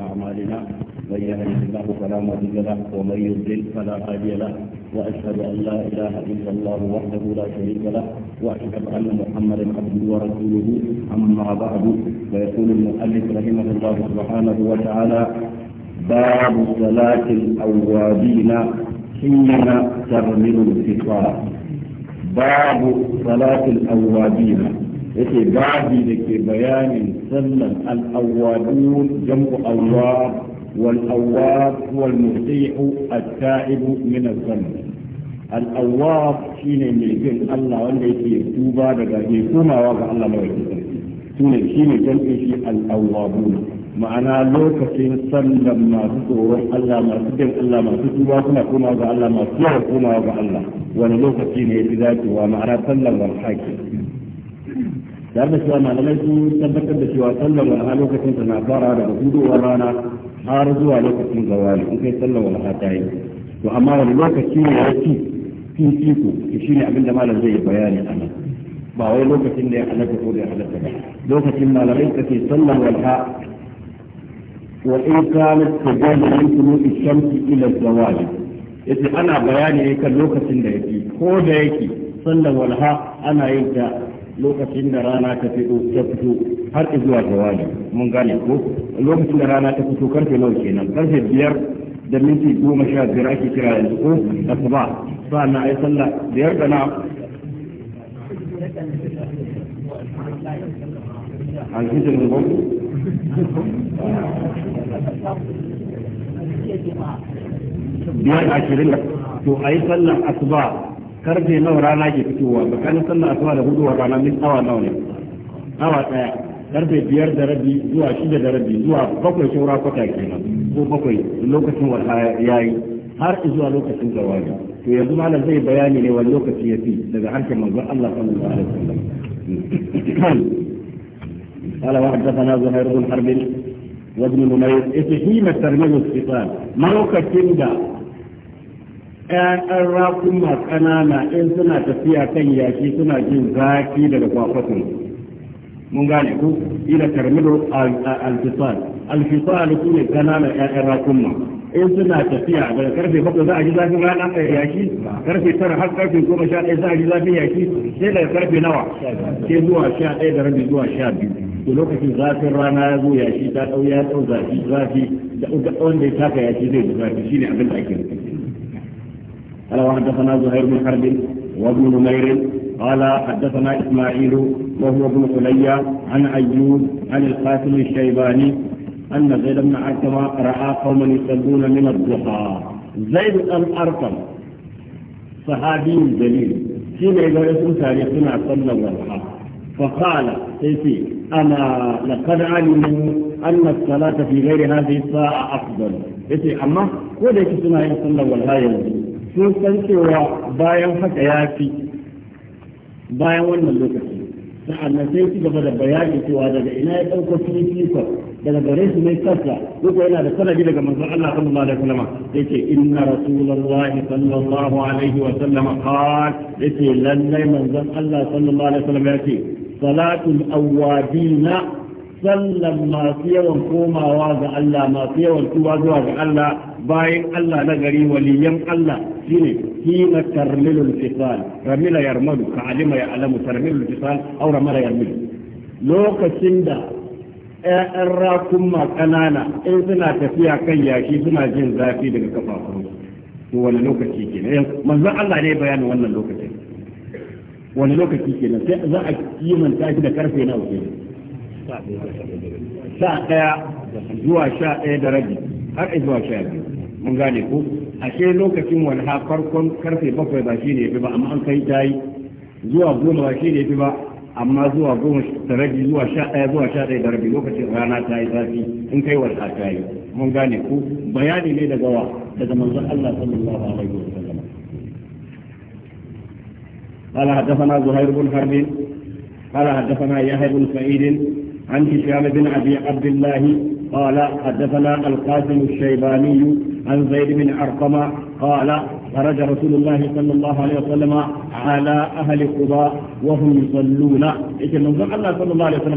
أعمالنا من يهدي الله فلا مضل له ومن يضلل فلا هادي له وأشهد أن لا إله إلا الله وحده لا شريك له وأشهد أن محمدا عبده ورسوله أما بعد فيقول المؤلف رحمه الله سبحانه وتعالى باب صلاة الأوابين حين ترمل الفطار باب صلاة الأوابين yake babi da ke bayanin sallan al'awwadun jam'u awwab wal awwab wal musihu at-ta'ib min az-zamb al-awwab shine mai bin Allah wanda yake tuba daga ke komawa ga Allah mai sarki shine shine jam'in shi al-awwabun ma'ana lokacin sallan masu tsoron Allah masu bin Allah masu tuba suna komawa ga Allah masu yawa komawa ga Allah wani lokaci ne ya fi dacewa ma'ana sallan wal hakim da da cewa malamai sun tabbatar da cewa sallar walha lokacin ta na fara daga hudowar rana har zuwa lokacin zawali in kai sallar walha ta yi to amma wani lokaci ne ya ci kin ciko shi ne abin da malam zai yi bayani a nan ba wai lokacin da ya halatta ko da ya halatta ba lokacin malamai ta ke sallar walha wa in kanat tajalla min tulu'i ki ila zawali yace ana bayani ne kan lokacin da yake ko da yake sallar walha ana yin ta lokacin da rana ta fito ta fito har zuwa jawabi mun gane ko lokacin da rana ta fito karfe nawa kenan karfe biyar da minti goma sha biyar ake kira yanzu ko asuba na ayi sallah biyar da na alhijir ne biyar ashirin to a yi sallar asuba karfe nawa rana ke fitowa tsakanin sallar asuba da hudu rana min awa nawa ne awa daya karfe biyar da rabi zuwa shida da rabi zuwa bakwai shaura kwata kenan ko bakwai lokacin wata ya yi har zuwa lokacin zawali to yanzu malam zai bayani ne wani lokaci ya fi daga harshen manzon Allah sallallahu alaihi wasallam قال وحدثنا زهير بن حرب وابن نمير اتهيم ترمذ الخصام ما هو كتندا ƴaƴan masu ƙanana in suna tafiya kan yashi suna jin zafi daga kwakwatin mun gane ku ila tarmido alfisal alfisal su ne ƙananan ƴaƴan rakuma in suna tafiya daga karfe bakwai za a ji zafin rana a yashi karfe tara har karfe goma sha ɗaya za a ji zafin yashi sai daga karfe nawa sai zuwa sha ɗaya da rabi zuwa sha biyu to lokacin zafin rana ya zo yashi ta ɗau ya ɗau zafi zafi da wanda ya taka yashi zai ji zafi shine abin da ake nufi قال وحدثنا زهير بن حرب وابن نمير قال حدثنا إسماعيل وهو ابن حلي عن أيوب عن القاسم الشيباني أن زيد بن عكرمة رأى قوما يصلون من الضحى زيد بن أرقم صحابي جليل حين إذا رسول تاريخنا صلى الله عليه فقال سيفي أنا لقد علموا أن الصلاة في غير هذه الساعة أفضل سيفي أما ولا سنه صلى الله عليه وسلم sun san cewa bayan haka ya fi bayan wannan lokaci sa'annan sai ci gaba da bayani cewa daga ina ya ɗauko fifikon daga gare su mai sassa duk yana da sanadi daga manzon Allah sallallahu alaihi wasallam yace inna rasulullahi sallallahu alaihi wasallam qala yace lallai manzon Allah sallallahu alaihi wasallam yace salatul awabina sallan masu yawan komawa ga Allah masu yawan tuba zuwa ga Allah bayan Allah na gari waliyan Allah shine kima tarmilul fisal ramila yarmadu ka alima ya alamu tarmilul fisal aw ramala yarmadu lokacin da ƴaƴan rakunma ƙanana in suna tafiya kan yashi suna jin zafi daga kafafun to wani lokaci kenan manzon Allah ne bayanin wannan lokacin wani lokaci kenan sai za a kimanta shi da karfe nawa kenan sha ɗaya zuwa sha ɗaya da rabi har zuwa sha biyu mun gane ko ashe lokacin walha farkon karfe bakwai ba shi ne ya fi ba amma an kai tayi zuwa goma ba shi ne ya fi ba amma zuwa goma da rabi zuwa sha ɗaya zuwa sha ɗaya da rabi lokacin rana ta yi zafi in kai walha ta yi mun gane ko bayani ne daga wa daga manzon Allah sallallahu alaihi wasallam قال حدثنا زهير بن حرب قال حدثنا يحيى بن سعيد عن هشام بن أبي عبد الله قال حدثنا القاسم الشيباني عن زيد بن أرقم قال خرج رسول الله صلى الله عليه وسلم على أهل قباء وهم يصلون إذن الله صلى الله عليه وسلم